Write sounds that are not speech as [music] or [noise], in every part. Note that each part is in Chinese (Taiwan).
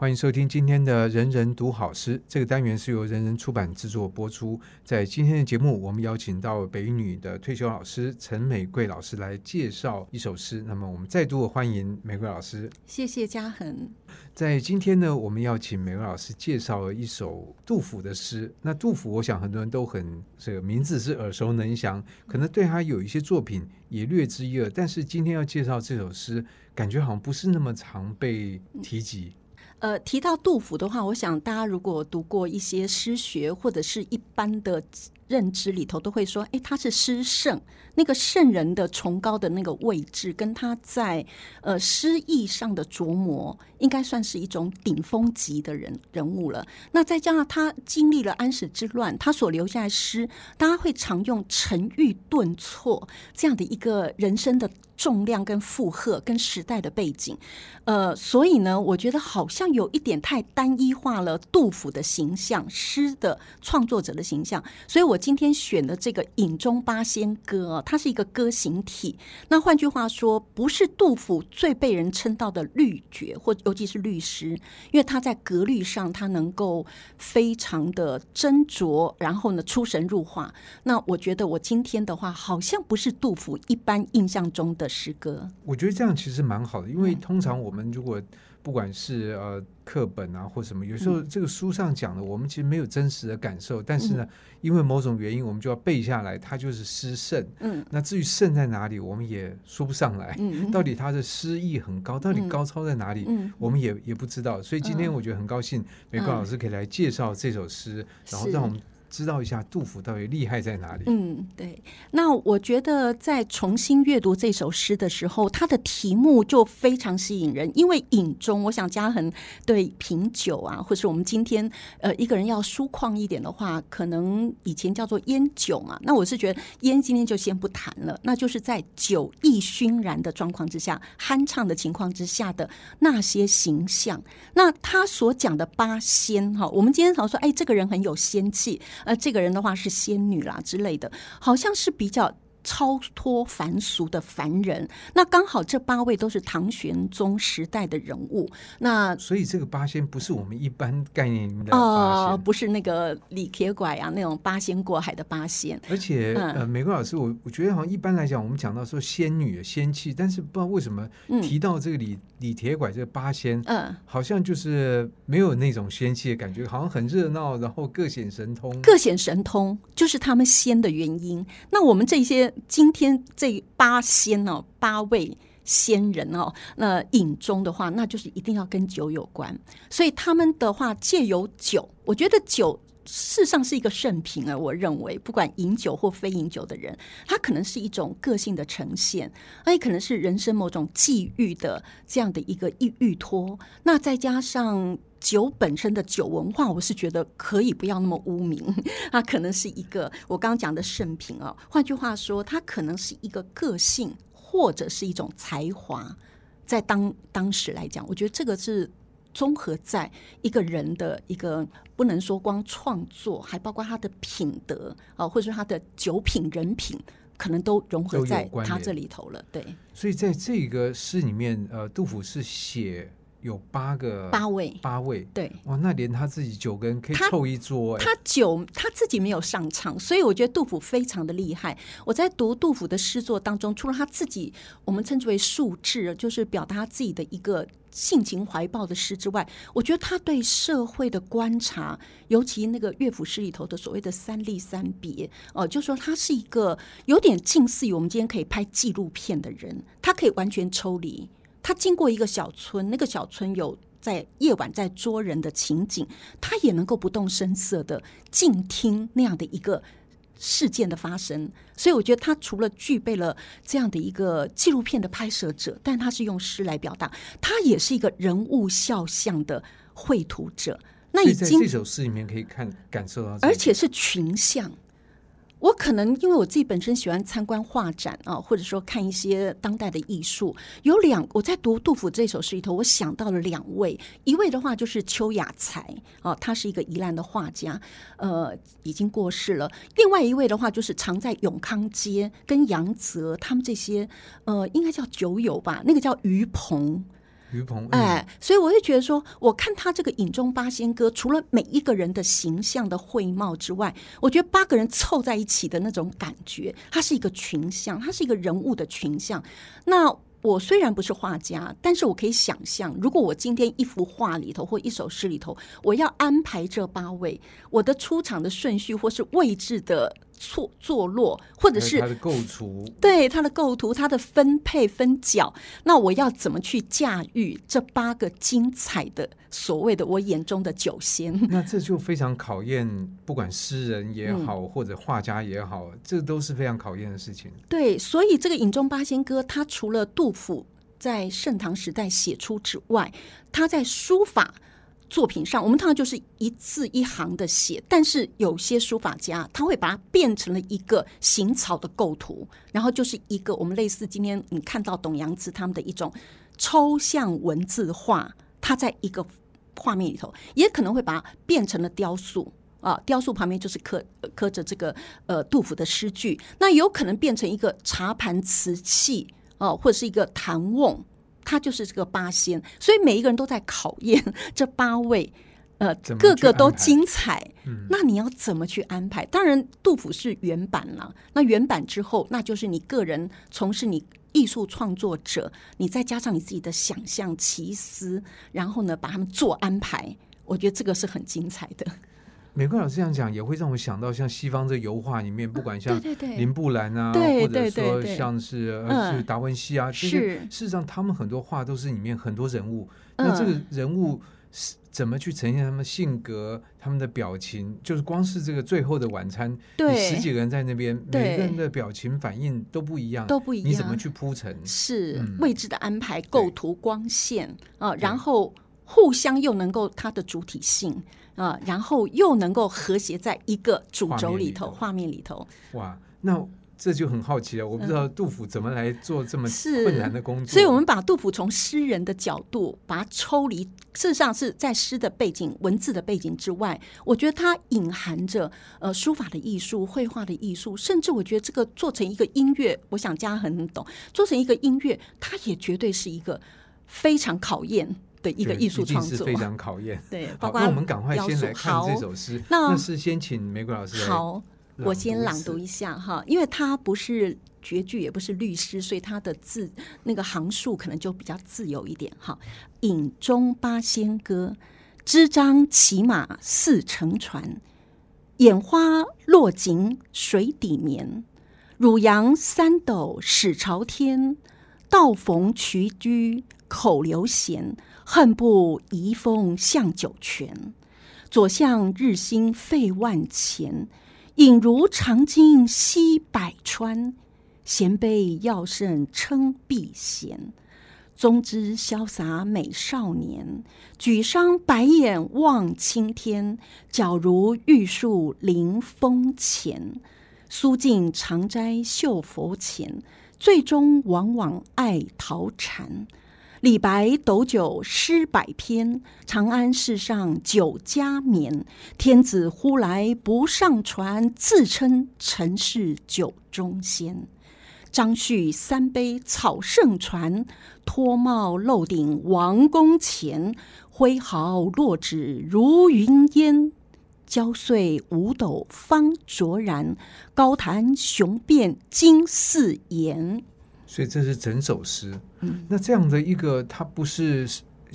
歡迎收聽今天的《人人讀好詩》，這個單元是由人人出版制作播出。在今天的節目，我們邀請到北一女的退休老師陳美桂老師來介紹一首詩。那麼，我們再度的歡迎美桂老師。謝謝嘉恆。在今天呢，我們要請美桂老師介紹了一首杜甫的詩。那杜甫，我想很多人都很這個名字是耳熟能詳，可能對他有一些作品也略知一二。但是今天要介紹這首詩，感覺好像不是那麼常被提及。嗯呃，提到杜甫的話，我想大家如果讀過一些詩學或者是一般的。認知裡頭都會說，哎，他是詩聖，那個聖人的崇高的那個位置，跟他在呃詩意上的琢磨，應該算是一種頂峰級的人人物了。那再加上他經歷了安史之亂，他所留下來的詩，大家會常用沉鬱頓挫這樣的一個人生的重量跟負荷跟時代的背景，呃，所以呢，我覺得好像有一點太單一化了杜甫的形象，詩的創作者的形象，所以我。今天選的這個《飲中八仙歌》，它是一個歌行體。那換句話說，不是杜甫最被人稱道的律絕，或尤其是律詩，因為他在格律上他能夠非常的斟酌，然後呢，出神入化。那我覺得我今天的話，好像不是杜甫一般印象中的詩歌。我覺得這樣其實蠻好的，因為通常我們如果。不管是呃課本啊或什麼，有時候這個書上講的，我們其實沒有真實的感受。但是呢，因為某種原因，我們就要背下來。他就是詩聖，嗯，那至於聖在哪裡，我們也說不上來。嗯，到底他的詩藝很高，到底高超在哪裡，我們也也不知道。所以今天我覺得很高興，美桂老師可以來介紹這首詩，然後讓我們。知道一下杜甫到底厲害在哪裡？嗯，對。那我覺得在重新閱讀這首詩的時候，它的題目就非常吸引人，因為飲中，我想嘉恆對品酒啊，或是我們今天呃一個人要疏曠一點的話，可能以前叫做菸酒嘛。那我是覺得菸今天就先不談了，那就是在酒意燻然的狀況之下，酣暢的情況之下的那些形象。那他所講的八仙哈，我們今天常說，哎，這個人很有仙氣。呃，這個人的話是仙女啦之類的，好像是比較。超脫凡俗的凡人，那剛好這八位都是唐玄宗時代的人物。那所以這個八仙不是我們一般概念的八仙，呃，不是那個李鐵拐啊那種八仙過海的八仙。而且、嗯、呃，美桂老師，我我覺得好像一般來講，我們講到說仙女、仙氣，但是不知道為什麼提到這個李、嗯、李鐵拐這個八仙，嗯，好像就是沒有那種仙氣的感覺，好像很熱鬧，然後各顯神通。各顯神通就是他們仙的原因。那我們這些。今天這八仙哦，八位仙人哦，那飲中的話，那就是一定要跟酒有關。所以他們的話借由酒，我覺得酒事實上是一個聖品啊。我認為不管飲酒或非飲酒的人，他可能是一種個性的呈現，他也可能是人生某種際遇的這樣的一個一寄托。那再加上。酒本身的酒文化，我是覺得可以不要那麼污名。它可能是一個我剛剛講的聖品啊、哦。換句話說，它可能是一個個性或者是一種才華，在當當時來講，我覺得這個是綜合在一個人的一個不能說光創作，還包括他的品德啊、哦，或者說他的酒品人品，可能都融合在他這裡頭了。對。所以在這個詩裡面，呃，杜甫是寫。有八個，八位，八位，對，哇，那連他自己九個人可以湊一桌、欸他。他九，他自己沒有上場，所以我覺得杜甫非常的厲害。我在讀杜甫的詩作當中，除了他自己，我們稱之為素質，就是表達自己的一個性情懷抱的詩之外，我覺得他對社會的觀察，尤其那個樂府詩裡頭的所謂的三吏三別，哦、呃，就是、說他是一個有點近似於我們今天可以拍紀錄片的人，他可以完全抽離。他經過一個小村，那個小村有在夜晚在捉人的情景，他也能夠不動聲色的靜聽那樣的一個事件的發生，所以我覺得他除了具備了這樣的一個紀錄片的拍攝者，但他是用詩來表達，他也是一個人物肖像的繪圖者，那已經這首詩裡面可以看感受到，而且是群像。我可能因為我自己本身喜歡參觀畫展啊，或者說看一些當代的藝術，有兩我在讀杜甫這首詩裡頭，我想到了兩位，一位的話就是邱亞才啊，他是一個宜蘭的畫家，呃，已經過世了，另外一位的話就是常在永康街跟楊澤他們這些，呃，應該叫酒友吧，那個叫於彭。於嗯哎，所以我就覺得說，我看他這個《飲中八仙歌》，除了每一個人的形象的繪貌之外，我覺得八個人湊在一起的那種感覺，它是一個群像，它是一個人物的群像。那我雖然不是畫家，但是我可以想象，如果我今天一幅畫裡頭或一首詩裡頭，我要安排這八位，我的出場的順序或是位置的。錯，坐落，或者是它的構圖，對，它的構圖，它的分配分角，那我要怎麼去駕馭這八個精彩的所謂的我眼中的酒仙？那這就非常考驗，不管詩人也好、嗯，或者畫家也好，這都是非常考驗的事情。對，所以這個《飲中八仙歌》，它除了杜甫在盛唐時代寫出之外，他在書法。作品上，我們通常就是一字一行的寫，但是有些書法家他會把它變成了一個行草的構圖，然後就是一個我們類似今天你看到董陽孜他們的一種抽象文字畫，它在一個畫面裡頭，也可能會把它變成了雕塑啊，雕塑旁邊就是刻刻着這個呃杜甫的詩句，那有可能變成一個茶盤瓷器啊，或者是一個罈甕。他就是這個八仙，所以每一個人都在考驗這八位，呃，個個都精彩，嗯。那你要怎麼去安排？當然，杜甫是原版了。那原版之後，那就是你個人從事你藝術創作者，你再加上你自己的想象、奇思，然後呢，把他們做安排。我覺得這個是很精彩的。美桂老師這樣講，也會讓我想到像西方這油畫裡面，不管像林布蘭啊，嗯、對對對，或者說像是是達文西啊，其實、嗯、事實上他們很多畫都是裡面很多人物。那這個人物是怎麼去呈現他們性格、嗯、他們的表情？就是光是這個《最後的晚餐》對，對，十幾個人在那邊，每個人的表情反應都不一樣，都不一樣。你怎麼去鋪陳？是位置、嗯、的安排、構圖、光線啊，然後互相又能夠它的主體性。啊、嗯，然後又能夠和諧在一個主軸裡頭，畫面裡頭。裡頭。哇，那這就很好奇了、嗯，我不知道杜甫怎麼來做這麼困難的工作。嗯、所以我們把杜甫從詩人的角度把它抽離，事實上是在詩的背景、文字的背景之外，我覺得它隱含着呃書法的藝術、繪畫的藝術，甚至我覺得這個做成一個音樂，我想家很懂，做成一個音樂，它也絕對是一個非常考驗。對一個藝術創作，非常考驗。對，那我們趕快先來看這首詩。那,那是先請美桂老師。好，我先朗讀一下哈，因為他不是絕句，也不是律詩，所以他的字那個行數可能就比較自由一點哈。嗯《飲中八仙歌》：，知章騎馬似乘船，眼花落井水底眠。汝陽三斗始朝天，道逢麴居,居口流涎。恨不移封向酒泉，左相日興費萬錢，飲如長鯨吸百川，銜杯樂聖稱避賢。宗之瀟灑美少年，舉觴白眼望青天，皎如玉樹臨風前。蘇晉長齋繡佛前，醉中往往愛逃禪。李白斗酒詩百篇，長安市上酒家眠。天子呼來不上船，自稱臣是酒中仙。張旭三杯草聖傳，脫帽露頂王公前，揮毫落紙如雲煙。焦遂五斗方卓然，高談雄辯驚四筵。所以這是整首詩，那這樣的一個它，不是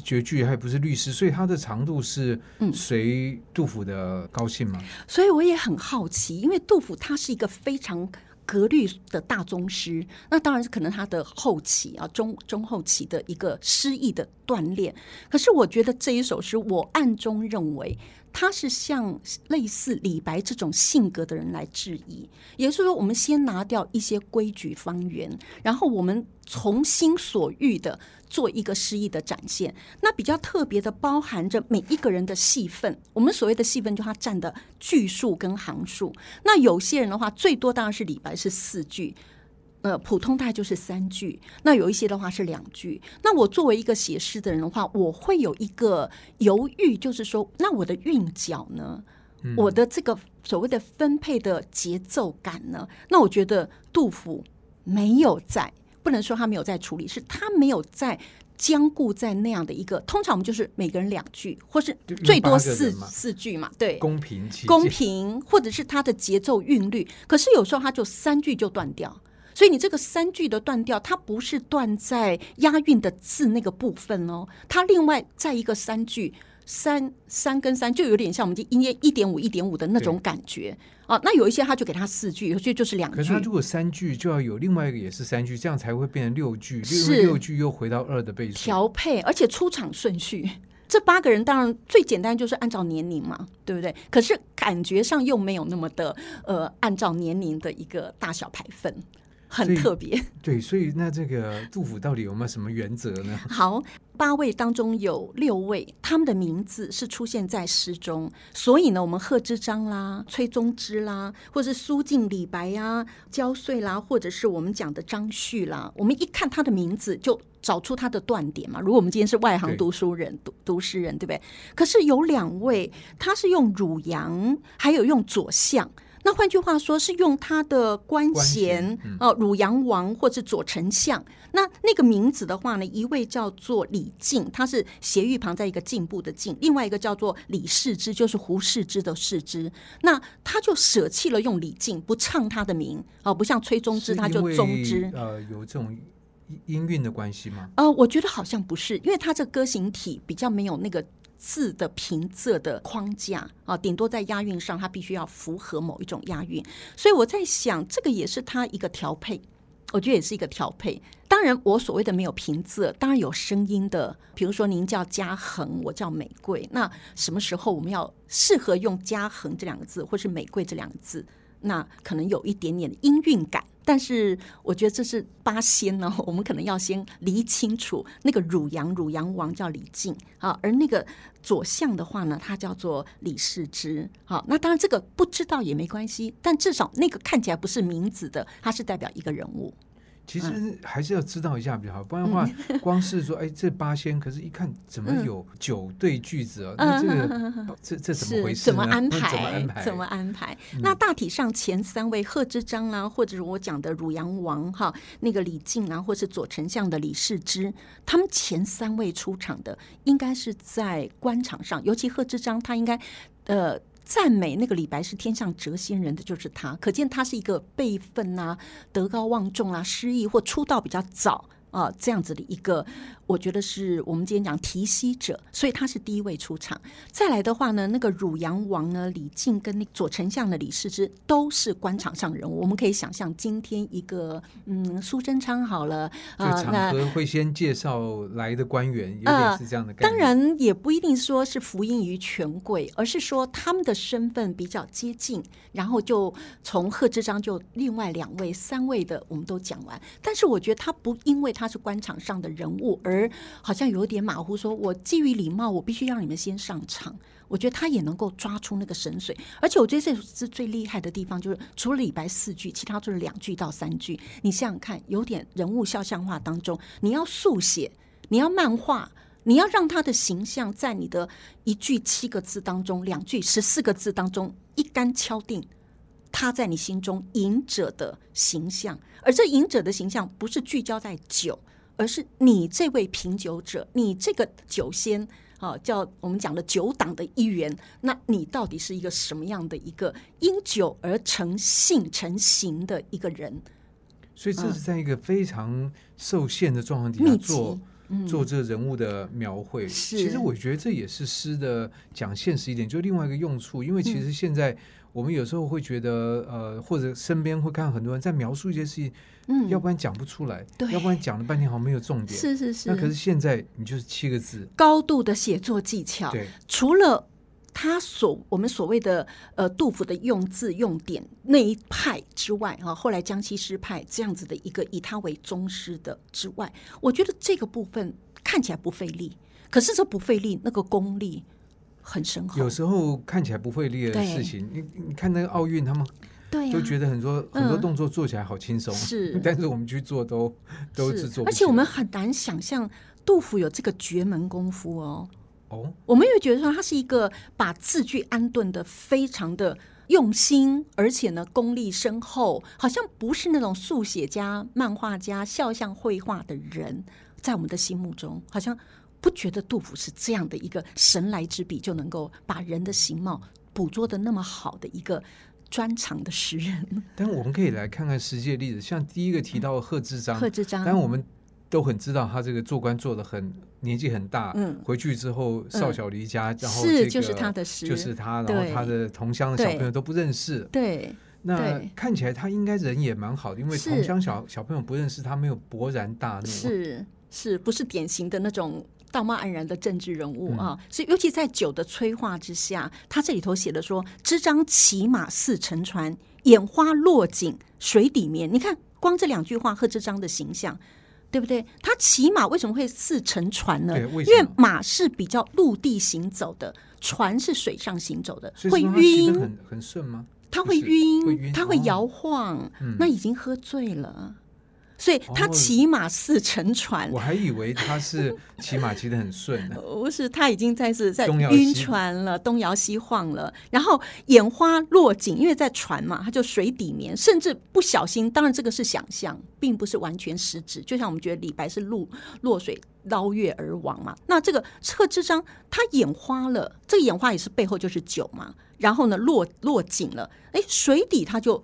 絕句，還不是律詩，所以它的長度是隨杜甫的高興嗎？所以我也很好奇，因為杜甫他是一個非常格律的大宗師，那當然是可能他的後期啊，中中後期的一個詩意的鍛煉。可是我覺得這一首詩，我暗中認為。他是像類似李白這種性格的人來質疑，也就是說，我們先拿掉一些規矩方圓，然後我們從心所欲的做一個詩意的展現。那比較特別的，包含着每一個人的戲份。我們所謂的戲份，就他占的句數跟行數。那有些人的話，最多當然是李白是四句。呃，普通大概就是三句，那有一些的話是兩句。那我作為一個寫詩的人的話，我會有一個猶豫，就是說，那我的韻腳呢、嗯？我的這個所謂的分配的節奏感呢？那我覺得杜甫沒有在，不能說他沒有在處理，是他沒有在兼顧在那樣的一個。通常我們就是每個人兩句，或是最多四四句嘛，對，公平公平，或者是他的節奏韻律。可是有時候他就三句就斷掉。所以你這個三句的斷掉，它不是斷在押韻的字那個部分哦，它另外再一個三句，三三跟三，就有點像我們音樂一點五一點五的那種感覺啊。那有一些他就給他四句，有些就是兩句。可是他如果三句就要有另外一個也是三句，這樣才會變成六句，六六句又回到二的倍數。調配而且出場順序，這八個人當然最簡單就是按照年齡嘛，對不對？可是感覺上又沒有那麼的呃，按照年齡的一個大小排分。很特別，對，所以那這個杜甫到底有沒有什麼原則呢？ [laughs] 好，八位當中有六位，他們的名字是出現在詩中，所以呢，我們賀知章啦、崔宗之啦，或者是蘇晉、李白呀、啊、焦遂啦，或者是我們講的張旭啦，我們一看他的名字就找出他的斷點嘛。如果我們今天是外行讀書人、讀讀詩人，對不對？可是有兩位，他是用汝陽，還有用左相。那換句話說是用他的官銜哦、嗯呃，汝陽王或是左丞相。那那個名字的話呢，一位叫做李璡，他是斜玉旁在一個進步的進；另外一個叫做李適之，就是胡適之的適之。那他就捨棄了用李璡，不唱他的名哦、呃，不像崔宗之，他就宗之。呃，有這種音韻的關係嗎？呃，我覺得好像不是，因為他這個歌行體比較沒有那個。字的平仄的框架啊，頂多在押韻上，它必須要符合某一種押韻。所以我在想，這個也是它一個調配，我覺得也是一個調配。當然，我所謂的沒有平仄，當然有聲音的。比如說，您叫嘉恆，我叫玫瑰。那什麼時候我們要適合用嘉恆這兩個字，或是玫瑰這兩個字？那可能有一點點的音韻感。但是我覺得這是八仙呢，我們可能要先理清楚，那個汝陽汝陽王叫李璡啊，而那個左相的話呢，他叫做李適之啊。那當然這個不知道也沒關係，但至少那個看起來不是名字的，它是代表一個人物。其實還是要知道一下比較好，不然的話，光是說哎這八仙，可是一看怎麼有九對句子啊？嗯、那這個、嗯、這這怎麼回事？怎麼安排？怎麼安排？怎麼安排？那大體上前三位賀知章啊，或者是我講的汝陽王哈、嗯，那個李靖啊，或者是左丞相的李世之，他們前三位出場的應該是在官場上，尤其賀知章他應該呃。讚美那個李白是天上謫仙人的就是他，可見他是一個輩分吶、啊、德高望重啊、失意或出道比較早啊這樣子的一個。我覺得是我們今天講提希者，所以他是第一位出場。再來的話呢，那個汝陽王呢，李靖跟那左丞相的李世之都是官場上人物。我們可以想象，今天一個嗯蘇貞昌好了啊，那會先介紹來的官員有點是這樣的感覺。當然也不一定說是服膺於、呃、於權貴，而是說他們的身份比較接近，然後就從賀知章，就另外兩位三位的我們都講完。但是我覺得他不因為他是官場上的人物而而好像有點馬虎說，說我基於禮貌，我必須讓你們先上場。我覺得他也能夠抓出那個神髓，而且我覺得這是最厲害的地方，就是除了李白四句，其他就是兩句到三句。你想想看，有點人物肖像畫當中，你要速寫，你要漫畫，你要讓他的形象在你的一句七個字當中，兩句十四個字當中一竿敲定他在你心中隱者的形象，而這隱者的形象不是聚焦在酒。而是你這位品酒者，你這個酒仙，啊，叫我們講的酒黨的一員，那你到底是一個什麼樣的一個因酒而成性成形的一個人？所以這是在一個非常受限的狀況底下做、嗯、做這個人物的描繪。是。其實我覺得這也是詩的講現實一點，就另外一個用處，因為其實現在、嗯。我們有時候會覺得，呃，或者身邊會看很多人在描述一些事情，嗯，要不然講不出來，對，要不然講了半天好像沒有重點，是是是。那可是現在你就是七個字，高度的寫作技巧。對，除了他所我們所謂的呃杜甫的用字用典那一派之外哈，後來江西詩派這樣子的一個以他為宗師的之外，我覺得這個部分看起來不費力，可是這不費力那個功力，很深厚。有時候看起來不費力的事情，你你看那個奧運他們，對、啊，就覺得很多、嗯、很多動作做起來好輕鬆，是。但是我們去做都都製作是做。而且我們很難想象杜甫有這個絕門功夫哦。哦。我們又覺得說他是一個把字句安頓得非常的用心，而且呢功力深厚，好像不是那種速寫家、漫畫家、肖像繪畫的人，在我們的心目中好像。不覺得杜甫是這樣的一個神來之筆，就能夠把人的形貌捕捉得那麼好的一個專長的詩人。但我們可以來看看實際的例子，像第一個提到賀知章，賀知章，但我們都很知道他這個做官做得很年紀很大，嗯，回去之後少小離家，嗯、然後、這個、是就是他的詩，就是他，然後他的同鄉的小朋友都不認識，對，對那對看起來他應該人也蠻好的，因為同鄉小小朋友不認識他，沒有勃然大怒，是是，不是典型的那種。道貌岸然的政治人物啊，所以尤其在酒的催化之下，他這裡頭寫的說：“知章騎馬似乘船，眼花落井水底眠。”你看，光這兩句話，賀知章的形象，對不對？他騎馬為什麼會似乘船呢？因為馬是比較陸地行走的，船是水上行走的，會暈。很很順嗎？他會暈，他會搖晃。那已經喝醉了。所以他騎馬似乘船，oh， [laughs] 我還以為他是騎馬騎得很順呢？不是，他已經在是在暈船了，東搖西西晃了，然後眼花落井，因為在船嘛，他就水底眠，甚至不小心，當然這個是想象，並不是完全實指，就像我們覺得李白是落落水撈月而亡嘛，那這個賀知章他眼花了，這個眼花也是背後就是酒嘛。然後呢，落落井了，哎、欸，水底他就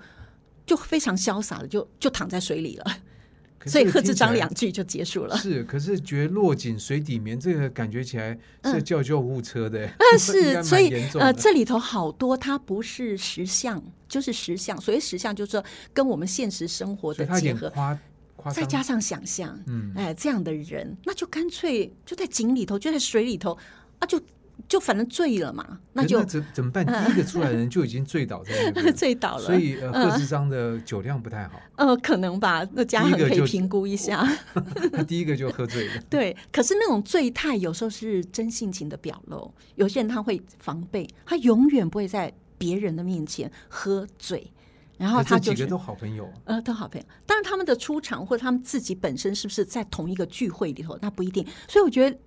就非常瀟灑的就就躺在水裡了。所以賀知章兩句就結束了。是，可是覺得落井水底眠，這個感覺起來是叫救護車的嗯。嗯，是，所以呃，這裡頭好多它不是實相，就是實相。所以實相就是說跟我們現實生活的結合，再加上想象，嗯，哎，這樣的人，那就乾脆就在井裡頭，就在水裡頭，啊就。就反正醉了嘛，那，那就怎怎麼辦？第一個出來的人就已經醉倒在那邊，醉倒了、嗯。所以，呃、嗯，賀知章的酒量不太好。呃、哦，可能吧，那家人可以評估一下。第一 [laughs] 他第一個就喝醉了。對，可是那種醉態有時候是真性情的表露，有些人他會防備，他永遠不會在別人的面前喝醉。然後他就覺、是、得好朋友。呃，都好朋友，但是他們的出場或者他們自己本身是不是在同一個聚會裡頭，那不一定。所以我覺得。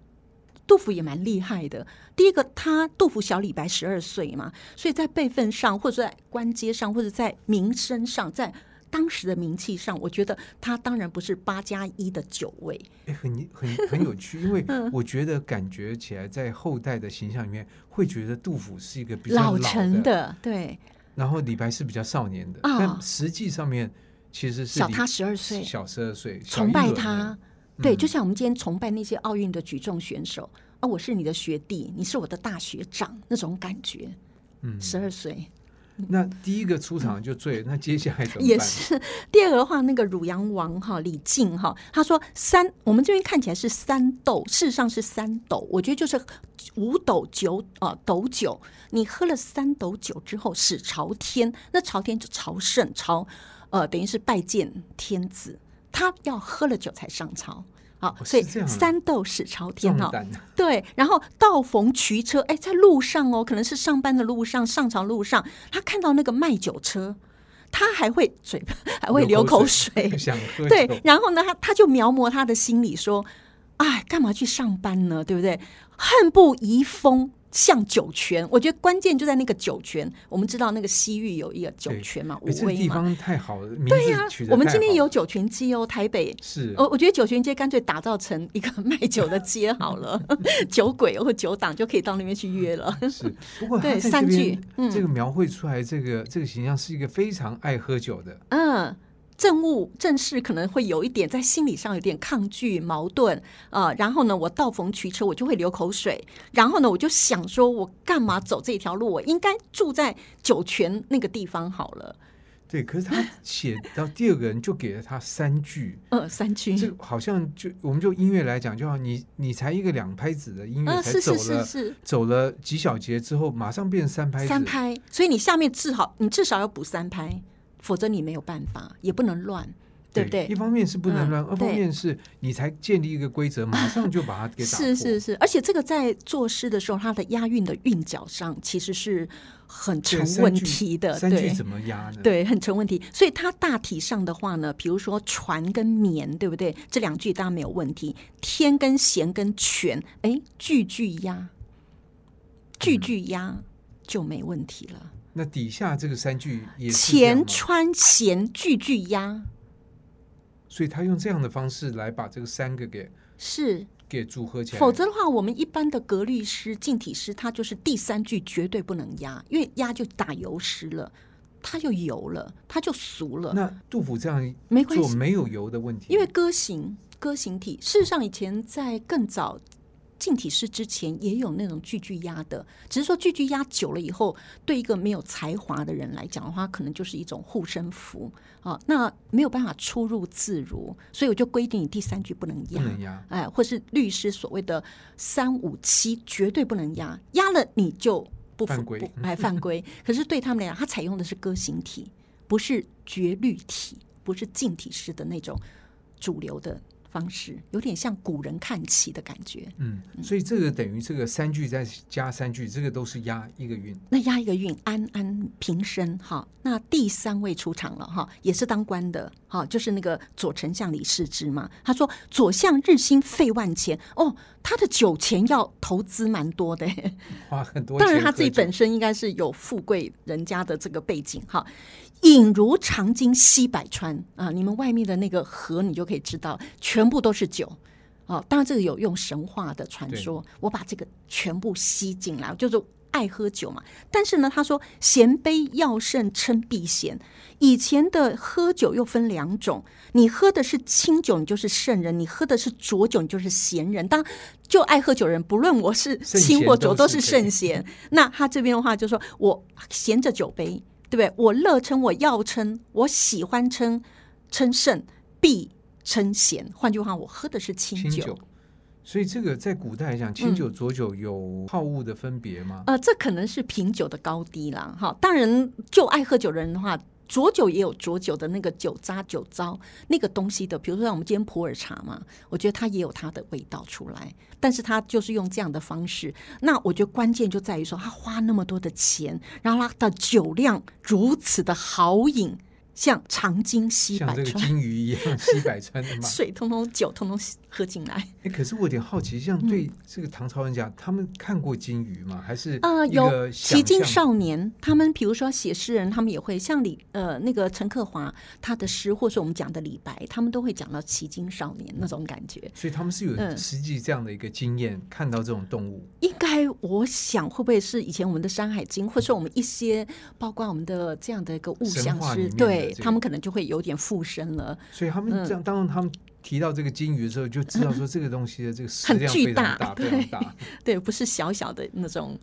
杜甫也蠻厲害的。第一個，他杜甫小李白十二歲嘛，所以在輩分上，或者在官階上，或者在名聲上，在當時的名氣上，我覺得他當然不是八加一的九位。哎、欸，很很很有趣， [laughs] 因為我覺得感覺起來在後代的形象裡面， [laughs] 會覺得杜甫是一個比較老的，老成的，對。然後李白是比較少年的，哦、但實際上面其實是小他十二歲，小十二歲，崇拜他。對，就像我們今天崇拜那些奧運的舉重選手啊、嗯哦，我是你的學弟，你是我的大學長那種感覺。12嗯，十二歲，那第一個出場就醉，嗯、那接下來怎麼？也是第二個的話，那個汝陽王哈，李靖哈，他說三，我們這邊看起來是三斗，事實上是三斗，我覺得就是五斗酒啊，斗、呃、酒，你喝了三斗酒之後，始朝天，那朝天就朝聖，朝呃，等於是拜見天子。他要喝了酒才上朝，好、哦，所以三斗始朝天哦、啊。對，然後道逢麴車，哎，在路上哦，可能是上班的路上、上朝路上，他看到那個賣酒車，他還會嘴還會流口水，流口水，對，想喝。對，然後呢，他他就描摹他的心理說：“哎，幹嘛去上班呢？對不對？恨不移封。像酒泉，我覺得關鍵就在那個酒泉。我們知道那個西域有一個酒泉嘛，武威、呃這個、地方太好了，名字取得好了對呀、啊。我們今天有酒泉街哦，台北是。哦，我覺得酒泉街乾脆打造成一個賣酒的街好了， [laughs] 酒鬼或、哦、酒黨就可以到那邊去約了。是，不過對三句，這個描繪出來，這個、嗯、這個形象是一個非常愛喝酒的，嗯。政務政事可能會有一點在心理上有點抗拒矛盾啊、呃，然後呢，我道逢麴車，我就會流口水，然後呢，我就想說，我幹嘛走這條路？我應該住在酒泉那個地方好了。對，可是他寫到第二個人就給了他三句， [laughs] 呃，三句，就好像就我們就音樂來講，就好，你你才一個兩拍子的音樂，才走了、呃、是是是是走了幾小節之後，馬上變成三拍三拍，所以你下面至少你至少要補三拍。否則你沒有辦法，也不能亂，對不對，對？一方面是不能亂、嗯，二方面是你才建立一個規則、嗯，馬上就把它給打破。是是是，而且這個在作詩的時候，它的押韻的韻腳上其實是很成問題的。三句怎麼押呢？對，很成問題。所以它大體上的話呢，比如說“船”跟“眠”，對不對？這兩句當然沒有問題。天跟涎跟泉，哎，句句押，句句押就沒問題了。嗯。那底下這個三句也是前穿弦，句句押，所以他用這樣的方式來把這個三個給是給組合起來。否則的話，我們一般的格律詩、近體詩，它就是第三句絕對不能押，因為押就打油詩了，它就油了，它就俗了。那杜甫這樣做沒關係，沒有油的問題，因為歌行，歌行體，事實上以前在更早。近體詩之前也有那種句句押的，只是說句句押久了以後，對一個沒有才華的人來講的話，可能就是一種護身符啊。那沒有辦法出入自如，所以我就規定你第三句不能押，嗯，哎，或是律詩所謂的三五七絕對不能押，押了你就不犯規，哎，犯規，嗯。可是對他們來講，他採用的是歌行體，不是絕律體，不是近體詩的那種主流的。方式有點像古人看棋的感覺，嗯，所以這個等於這個三句再加三句，這個都是押一個韻，那押一個韻，安安平聲。哈。那第三位出場了哈，也是當官的哈，就是那個左丞相李世之嘛。他說：“左相日興費萬錢哦，他的酒錢要投資蠻多的，花很多。當然他自己本身應該是有富貴人家的這個背景哈。”飲如長鯨吸百川啊！你們外面的那個河，你就可以知道，全部都是酒啊。當然，這個有用神話的傳說，我把這個全部吸進來，就是愛喝酒嘛。但是呢，他說：“銜杯樂聖稱避賢。”以前的喝酒又分兩種，你喝的是清酒，你就是聖人；你喝的是濁酒，你就是賢人。當然就愛喝酒的人，不論我是清或濁，聖都是聖賢。那他這邊的話，就說我銜着酒杯。對不對？我樂稱，我要稱，我喜歡稱，稱聖，必稱賢。換句話，我喝的是清酒。清酒，所以這個在古代來講，清酒濁酒有好惡的分別嗎？嗯，呃，這可能是品酒的高低了。哈，當然，就愛喝酒的人的話。濁酒也有濁酒的那個酒渣酒糟，那個東西的，比如說像我們今天普洱茶嘛，我覺得它也有它的味道出來，但是它就是用這樣的方式。那我覺得關鍵就在於說，他花那麼多的錢，然後他的酒量如此的豪飲，像長鯨吸百川，鯨魚一樣吸百川的嘛， [laughs] 水通通酒，酒通通。喝進來、欸，哎，可是我有點好奇，像對這個唐朝人講、嗯，他們看過鯨魚嗎？還是啊、呃，有騎鯨少年，他們比如說寫詩人，他們也會像李呃那個陳克華他的詩，或是我們講的李白，他們都會講到騎鯨少年那種感覺。所以他們是有實際這樣的一個經驗、嗯，看到這種動物，應該我想會不會是以前我們的《山海經》，或者說我們一些包括我們的這樣的一個物象，是、這個、對他們可能就會有點附身了。所以他們這樣，嗯、當然他們。提到這個鯨魚的時候，就知道說這個東西的這個食量、嗯、很巨大，非常大，對，非常大，對，不是小小的那種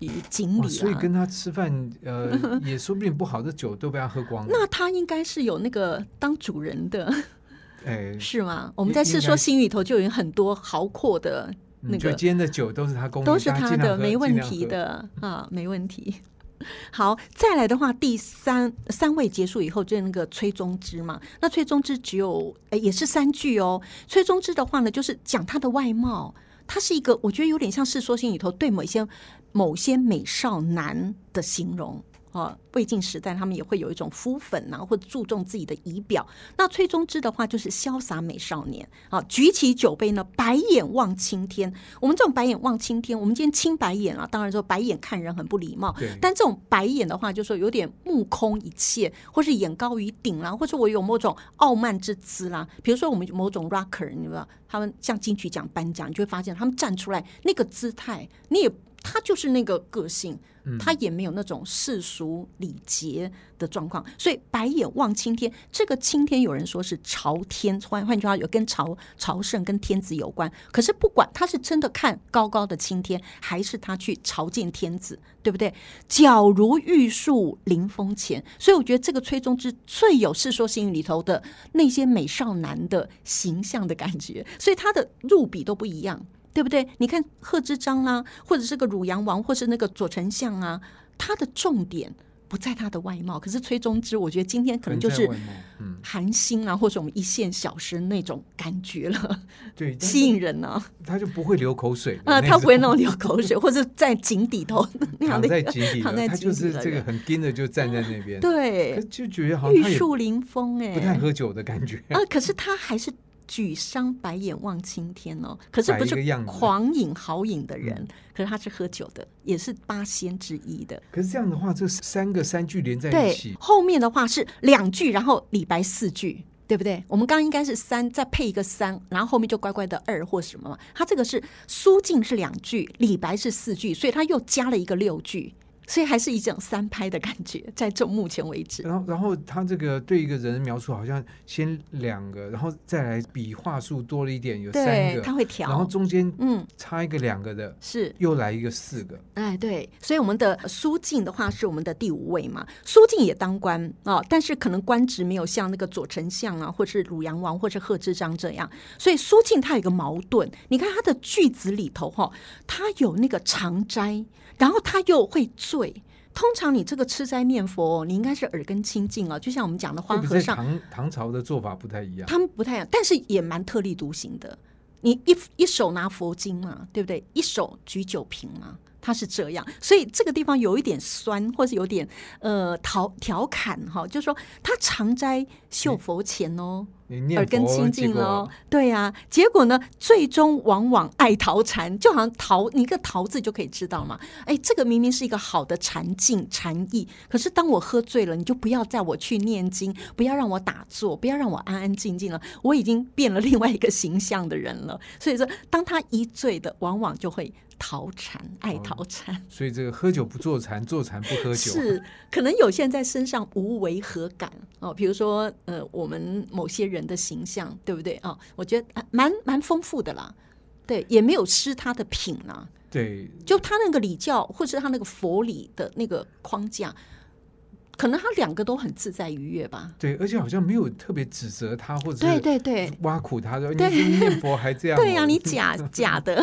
魚錦鯉。所以跟他吃飯，呃，也說不定不好的酒都被他喝光了。 [laughs] 那他應該是有那個當主人的，哎，是嗎？我們在世說心裡頭就有很多豪闊的那個，今天的酒都是他供，都是他的，他沒問題的啊，沒問題。好，再來的話，第三三位結束以後，就是那個崔宗之嘛。那崔宗之只有誒，也是三句哦。崔宗之的話呢，就是講他的外貌，他是一個，我覺得有點像《世說新語》裡頭對某一些某些美少男的形容。啊、哦，魏晉時代他們也會有一種敷粉啊，或注重自己的儀表。那崔宗之的話就是瀟灑美少年啊，舉起酒杯呢，白眼望青天。我們這種白眼望青天，我們今天青白眼啊，當然說白眼看人很不禮貌。對。但這種白眼的話，就是說有點目空一切，或是眼高於頂啦，或是我有某種傲慢之姿啦、啊。比如說我們某種 rocker，你知道，他們像金曲獎頒獎，你就會發現他們站出來那個姿態，你也。他就是那個個性，他也沒有那種世俗禮節的狀況，嗯、所以白眼望青天。這個青天，有人說是朝天，換換句話有跟朝朝聖、跟天子有關。可是不管他是真的看高高的青天，還是他去朝見天子，對不對？皎如玉樹臨風前，所以我覺得這個崔宗之最有《世說新語》裡頭的那些美少男的形象的感覺，所以他的入筆都不一樣。對不對？你看賀知章啦、啊，或者是個汝陽王，或是那個左丞相啊，他的重點不在他的外貌，可是崔宗之，我覺得今天可能就是韓星啊，嗯、或者我們一線小生那種感覺了，對，吸引人呢、啊，他就不會流口水啊、 [laughs] 呃，他不會那種流口水，或者在井底頭那樣的一個，他就是這個很盯着就站在那邊，嗯、對，就覺得好玉樹臨風哎，不太喝酒的感覺啊、呃，可是他還是。舉觴白眼望青天哦，可是不是狂飲豪飲的人、嗯，可是他是喝酒的，也是八仙之一的。可是這樣的話，這三個三句連在一起，後面的話是兩句，然後李白四句，對不對？我們剛剛應該是三，再配一個三，然後後面就乖乖的二或什麼嘛。他這個是蘇晉是兩句，李白是四句，所以他又加了一個六句。所以還是以這種三拍的感覺，在這目前為止。然後，然後他這個對一個人的描述，好像先兩個，然後再來筆畫數多了一點，有三個，對他會調，然後中間嗯差一個兩個的，是、嗯、又來一個四個。哎、嗯，對，所以我們的蘇晉的話是我們的第五位嘛。蘇晉也當官啊、哦，但是可能官職沒有像那個左丞相啊，或是汝陽王，或是賀知章這樣。所以蘇晉他有一個矛盾，你看他的句子裡頭哈、哦，他有那個長齋。然後他又會醉。通常你這個吃齋念佛、哦，你應該是耳根清淨了，就像我們講的，花和尚唐唐朝的做法不太一樣，他們不太一樣，但是也蠻特立獨行的。你一一手拿佛經嘛、啊，對不對？一手舉酒瓶嘛、啊，他是這樣。所以這個地方有一點酸，或是有點呃調調侃哈、哦，就是，說他長齋繡佛前哦。耳根清淨了，對呀、啊，結果呢？最終往往愛逃禪，就好像逃你一個“逃”字就可以知道嘛。哎，這個明明是一個好的禪境、禪意，可是當我喝醉了，你就不要在我去念經，不要讓我打坐，不要讓我安安靜靜了，我已經變了另外一個形象的人了。所以說，當他一醉的，往往就會。逃禪，愛逃禪、哦，所以這個喝酒不坐禪，坐禪不喝酒，是可能有些人在身上無違和感哦，比如說呃，我們某些人的形象對不對啊、哦？我覺得蠻蠻豐富的啦，對，也沒有吃他的品啊，對，就他那個禮教或是他那個佛理的那個框架。可能他兩個都很自在愉悅吧。對，而且好像沒有特別指責他或者是，對對對，挖苦他說，你念佛還這樣？ [laughs] 對呀、啊，你假 [laughs] 假的。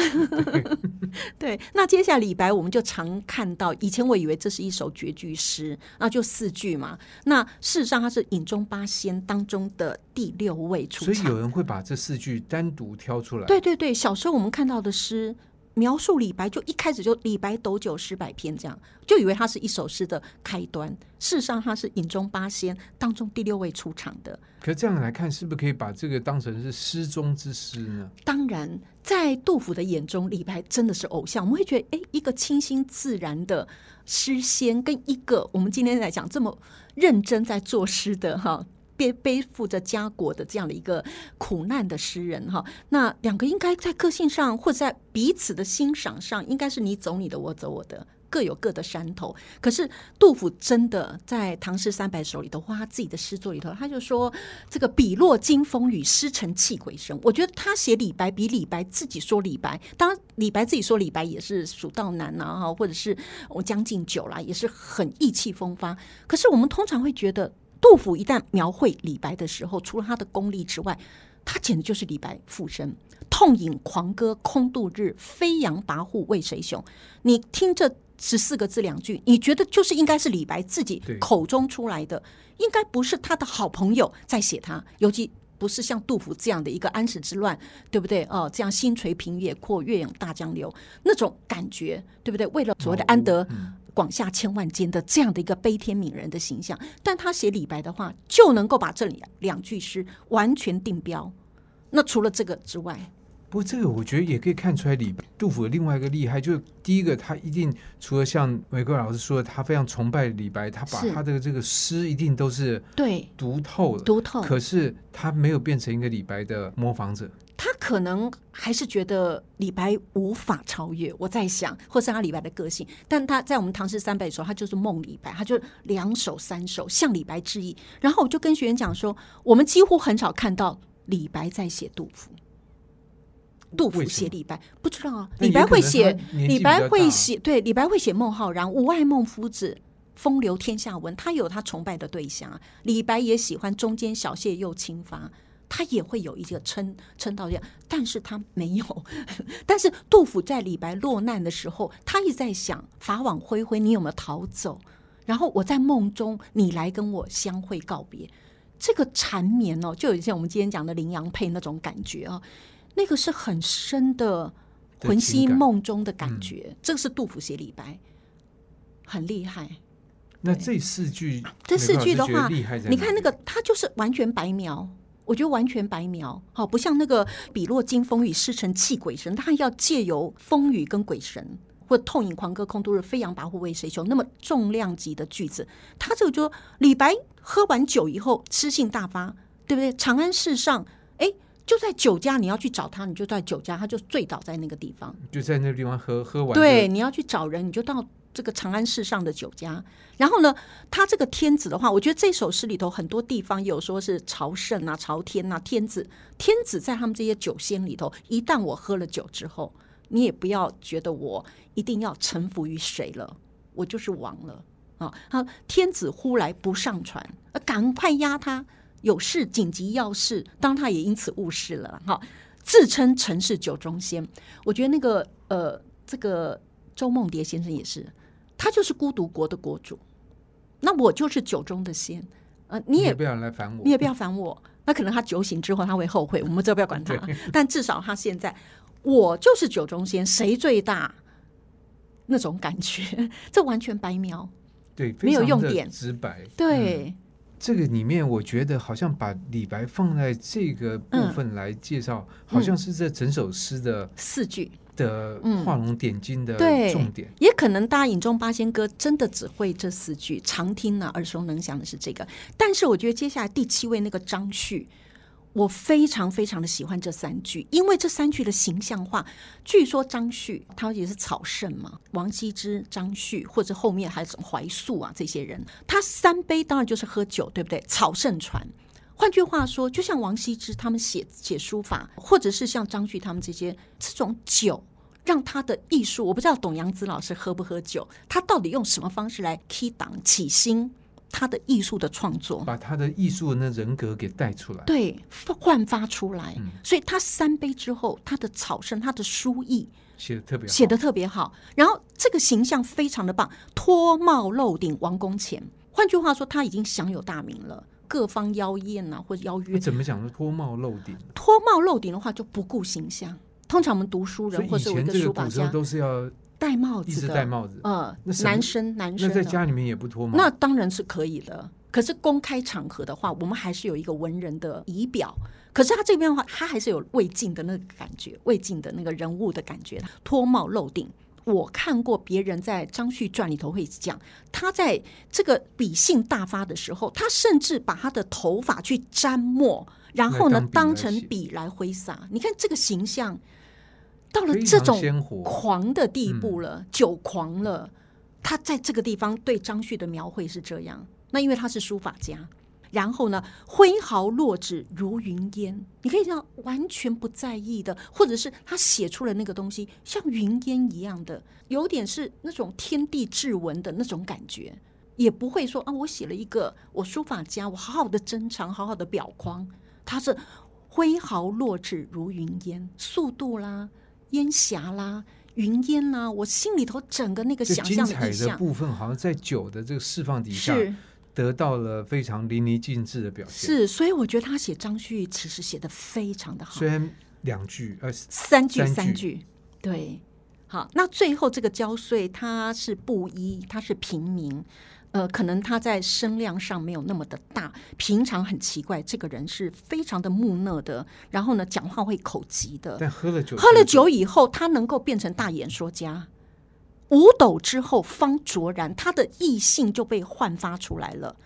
[laughs] 對，那接下來李白，我們就常看到。以前我以為這是一首絕句詩，那就四句嘛。那事實上他是飲中八仙當中的第六位出場，所以有人會把這四句單獨挑出來。對對對，小時候我們看到的詩。描述李白就一開始就李白斗酒詩百篇這樣，就以為他是一首詩的開端。事實上，他是飲中八仙當中第六位出場的。可是這樣來看，是不是可以把這個當成是詩中之詩呢？當然，在杜甫的眼中，李白真的是偶像。我們會覺得，哎、欸，一個清新自然的詩仙，跟一個我們今天來講這麼認真在作詩的哈。背背負着家國的這樣的一個苦難的詩人哈，那兩個應該在個性上或者在彼此的欣賞上，應該是你走你的，我走我的，各有各的山頭。可是杜甫真的在《唐詩三百首》裡頭，或他自己的詩作裡頭，他就說：“這個筆落驚風雨，詩成泣鬼神。”我覺得他寫李白比李白自己說李白，當然李白自己說李白也是《蜀道難》吶，哈，或者是《我將進酒》啦，也是很意氣風發。可是我們通常會覺得。杜甫一旦描繪李白的時候，除了他的功力之外，他簡直就是李白附身。痛飲狂歌空度日，飛揚跋扈為誰雄？你聽這十四個字兩句，你覺得就是應該是李白自己口中出來的，應該不是他的好朋友在寫他。尤其不是像杜甫這樣的一個安史之亂，對不對？哦，這樣星垂平野闊，月湧大江流那種感覺，對不對？為了所謂的安得。哦嗯廣廈千萬間的這樣的一個悲天憫人的形象，但他寫李白的話，就能夠把這裡兩句詩完全定標。那除了這個之外，不過這個我覺得也可以看出來李白，李杜甫的另外一個厲害，就是第一個他一定除了像美桂老師說的，他非常崇拜李白，他把他的這個詩一定都是對讀透了，讀透。可是他沒有變成一個李白的模仿者，他可能還是覺得李白無法超越。我在想，或是他李白的個性，但他在我們唐詩三百的時候，他就是夢李白，他就兩首三首向李白致意。然後我就跟學員講說，我們幾乎很少看到李白在寫杜甫。杜甫寫李白不知道啊，李白會寫，李白會寫，對，李白會寫孟浩然。吾愛孟夫子，風流天下聞。他有他崇拜的對象啊。李白也喜歡，中間小謝又清發，他也會有一個稱稱到這樣，但是他沒有。但是杜甫在李白落難的時候，他也在想：法網恢恢，你有沒有逃走？然後我在夢中，你來跟我相會告別。這個纏綿哦，就有像些我們今天講的《羚羊佩》那種感覺啊、哦。那個是很深的魂兮夢中的感覺，感嗯、這個是杜甫寫李白，很厲害。那這四句、啊，這四句的話，你看那個他就是完全白描，我覺得完全白描，好、哦、不像那個筆落驚風雨，詩成泣鬼神，他要借由風雨跟鬼神，或痛飲狂歌空度日，飛揚跋扈為誰雄，那麼重量級的句子，他就說李白喝完酒以後詩性大發，對不對？長安市上，哎。就在酒家，你要去找他，你就在酒家，他就醉倒在那個地方。就在那個地方喝喝完。對，你要去找人，你就到這個長安市上的酒家。然後呢，他這個天子的話，我覺得這首詩裡頭很多地方有說是朝聖啊、朝天啊、天子、天子在他們這些酒仙裡頭。一旦我喝了酒之後，你也不要覺得我一定要臣服於誰了，我就是王了啊！他天子呼來不上船，趕快壓他。有事緊急要事，當他也因此誤事了。好，自稱臣是酒中仙。我覺得那個呃，這個周夢蝶先生也是，他就是孤獨國的國主。那我就是酒中的仙，呃，你也你不要來煩我，你也不要煩我。那可能他酒醒之後他會後悔，我們就不要管他。但至少他現在，我就是酒中仙，誰最大？那種感覺， [laughs] 這完全白描，對非常，沒有用典，直、嗯、白，對。這個裡面，我覺得好像把李白放在這個部分來介紹，嗯、好像是這整首詩的四句的畫龍點睛的重點。嗯、也可能大家飲中八仙歌真的只會這四句，常聽呢、啊，耳熟能詳的是這個。但是我覺得接下來第七位那個張旭。我非常非常的喜歡這三句，因為這三句的形象化。據說張旭他也是草聖嘛，王羲之、張旭或者是後面還有什麼懷素啊這些人，他三杯當然就是喝酒，對不對？草聖傳，換句話說，就像王羲之他們寫寫書法，或者是像張旭他們這些，這種酒讓他的藝術。我不知道董陽孜老師喝不喝酒，他到底用什麼方式來提檔起興？他的藝術的創作，把他的藝術那人格給帶出來、嗯，對，煥發出來。嗯、所以，他三杯之後，他的草聖，他的書藝寫的特別，寫的特別好。然後，這個形象非常的棒，脫帽露頂王公前。換句話說，他已經享有大名了，各方妖艷啊，或者邀約。怎麼講？脫帽露頂？脫帽露頂的話，就不顧形象。通常我們讀書人或者我這個書法家都是要。戴帽子的，戴帽子，的戴帽子，男生男生，那在家裡面也不脫嗎？那當然是可以的。可是公開場合的話，我們還是有一個文人的儀表。可是他這邊的話，他還是有魏晉的那個感覺，魏晉的那個人物的感覺，脫帽露頂。我看過別人在《張旭傳》裡頭會講，他在這個筆性大發的時候，他甚至把他的頭髮去沾墨，然後呢，當，當成筆來揮灑。你看這個形象。到了這種狂的地步了，酒、嗯、狂了。他在這個地方對張旭的描繪是這樣。那因為他是書法家，然後呢，揮毫落紙如雲煙。你可以這樣完全不在意的，或者是他寫出了那個東西像雲煙一樣的，有點是那種天地至文的那種感覺，也不會說啊，我寫了一個我書法家，我好好的珍藏，好好的裱框。他是揮毫落紙如雲煙，速度啦。煙霞啦，雲煙啦，我心裡頭整個那個想像的部分，好像在酒的這個釋放底下，得到了非常淋漓盡致的表現。是，所以我覺得他寫張旭其實寫的非常的好。雖然兩句，呃，三句，三句，三句，對，好。那最後這個焦遂，他是布衣，他是平民。呃，可能他在聲量上沒有那麼的大。平常很奇怪，這個人是非常的木訥的，然後呢，講話會口吃的。但喝了酒，喝了酒以後，他能夠變成大演說家。五斗之後，方卓然，他的異性就被煥發出來了，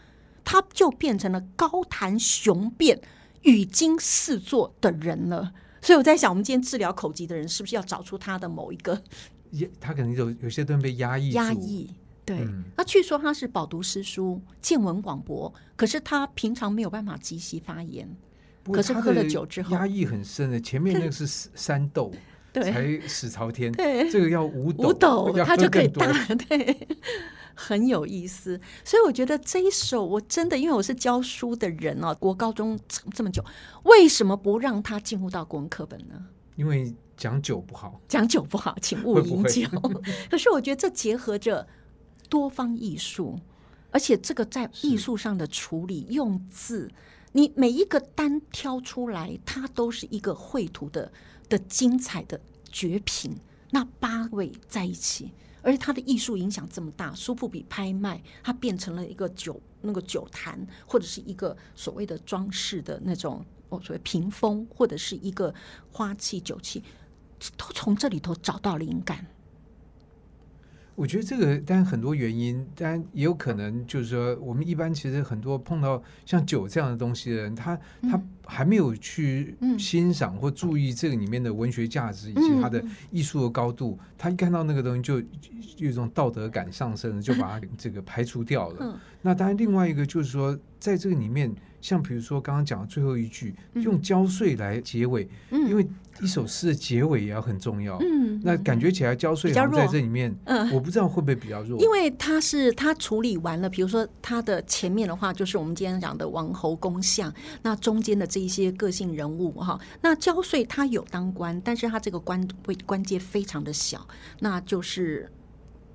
他就變成了高談雄辯、語驚四座的人了。所以我在想，我們今天治療口吃的人，是不是要找出他的某一個？他可能有有些東西被壓抑。壓抑。對，那、嗯啊、據說他是飽讀詩書、見聞廣博，可是他平常沒有辦法即席发言。他可是喝了酒之後，壓抑很深的。前面那個是三斗，才始朝天。對，這個要五斗，五斗更他就可以大。對，很有意思。所以我覺得這一首，我真的因為我是教書的人哦、啊，國高中這麼久，為什麼不讓他進入到國文課本呢？因為講酒不好，講酒不好，請勿飲酒會會。可是我覺得這結合着。多方藝術，而且這個在藝術上的處理、用字，你每一個單挑出來，它都是一個繪圖的的精彩的絕品。那八位在一起，而且它的藝術影響這麼大，蘇富比拍賣它變成了一個酒那個酒壇，或者是一個所謂的裝飾的那種哦，所謂屏風，或者是一個花器、酒器，都從這裡頭找到了靈感。我覺得這個，當然，很多原因，但也有可能就是說，我們一般其實很多碰到像酒這樣的東西的人，他他，還沒有去欣賞或注意這個裡面的文學價值以及它的藝術的高度，他、嗯嗯、一看到那個東西就有一種道德感上升，就把它這個排除掉了。嗯嗯、那當然，另外一個就是說，在這個裡面，像比如說剛剛講的最後一句，用焦遂來結尾，嗯，因為一首詩的結尾也要很重要。嗯，那感覺起來焦遂在這裡面，嗯，我不知道會不會比較弱，因為他是他處理完了，比如說他的前面的話就是我們今天講的王侯公相，那中間的這。一些個性人物哈，那焦遂他有當官，但是他這個官位官階非常的小，那就是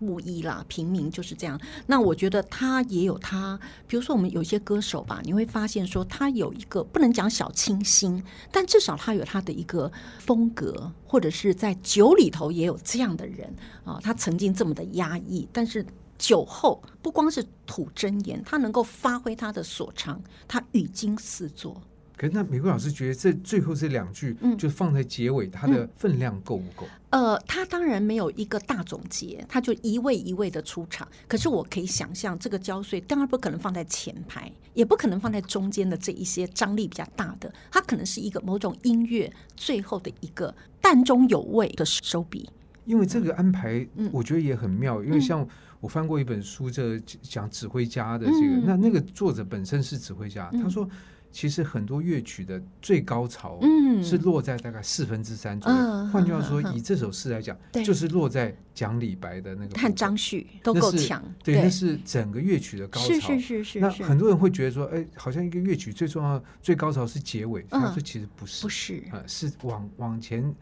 幕醫啦，平民就是這樣。那我覺得他也有他，比如說我們有些歌手吧，你會發現說他有一個不能講小清新，但至少他有他的一個風格，或者是在酒裡頭也有這樣的人啊。他曾經這麼的壓抑，但是酒後不光是吐真言，他能夠發揮他的所長，他語驚四座。欸、那美桂老師覺得這最後這兩句就放在結尾，它的分量夠不夠？嗯嗯、呃，他當然沒有一個大總結，他就一位一位的出場。可是我可以想象，這個焦遂當然不可能放在前排，也不可能放在中間的這一些張力比較大的，它可能是一個某種音樂最後的一個淡中有味的手筆。因為這個安排，我覺得也很妙、嗯嗯。因為像我翻過一本書，這講指揮家的這個、嗯，那那個作者本身是指揮家，嗯、他說。其實很多樂曲的最高潮、嗯、是落在大概四分之三左右。換、嗯、句話說，以這首詩來講、嗯，就是落在講李白的那個。看張旭那是都夠強，對，那是整個樂曲的高潮。是、是是是是。那很多人會覺得說，哎、欸，好像一個樂曲最重要最高潮是結尾、嗯。他說其實不是，不是啊、嗯，是往往前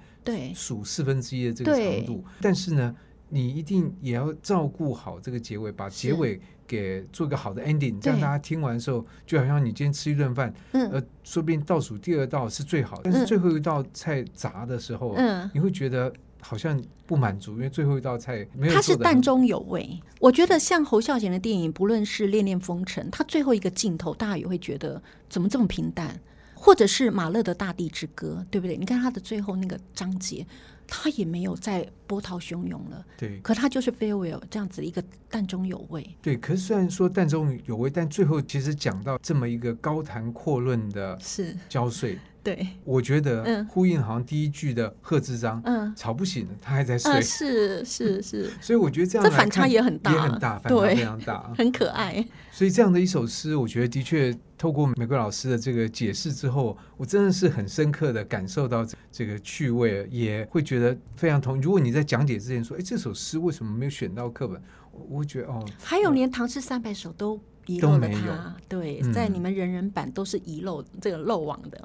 數四分之一的這個長度，對。但是呢，你一定也要照顧好這個結尾，把結尾。給做個好的 ending，這樣大家聽完的時候，就好像你今天吃一頓飯，嗯、說不定倒數第二道是最好的、嗯，但是最後一道菜炸的時候，嗯，你會覺得好像不滿足，因為最後一道菜沒有。它是淡中有味。我覺得像侯孝賢的電影，不論是《戀戀風塵》，他最後一個鏡頭，大家也會覺得怎麼這麼平淡，或者是馬勒的《大地之歌》，對不對？你看他的最後那個章節。他也沒有再波濤洶湧了，對。可他就是 f a r w e l l 這樣子一個淡中有味。對，可是雖然說淡中有味，但最後其實講到這麼一個高談闊論的，是焦遂。對，我覺得呼應好像第一句的賀知章，嗯，吵不醒他還在睡，是、嗯、是是，是是 [laughs] 所以我覺得這樣的這反差也很大，也很大，反差非常大，很可愛。所以這樣的一首詩，我覺得的確透過美桂老師的這個解釋之後，我真的是很深刻的感受到這個趣味，也會覺得非常同。如果你在講解之前說，哎，這首詩為什麼沒有選到課本？我會覺得哦，還有連《唐詩三百首》都。他都沒有，對、嗯，在你們人人版都是遺漏這個漏網的。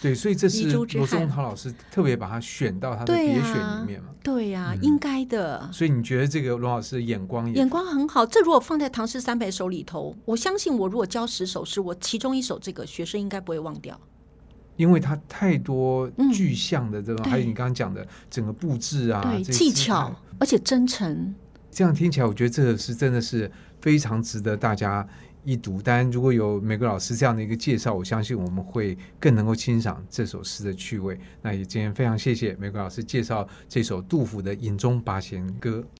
對，所以這是羅宗濤老師特別把它選到他的別選裡面嘛？對呀、啊啊嗯，應該的。所以你覺得這個羅老師眼光眼光很好？這如果放在《唐詩三百首》裡頭，我相信我如果教十首詩，我其中一首這個學生應該不會忘掉，因為他太多具象的這個、嗯，還有你剛剛講的整個布置啊，對技巧，而且真誠。這樣聽起來，我覺得這個是真的是。非常值得大家一讀。當然，如果有美桂老師這樣的一個介紹，我相信我們會更能夠欣賞這首詩的趣味。那也今天非常謝謝美桂老師介紹這首杜甫的《飲中八仙歌》。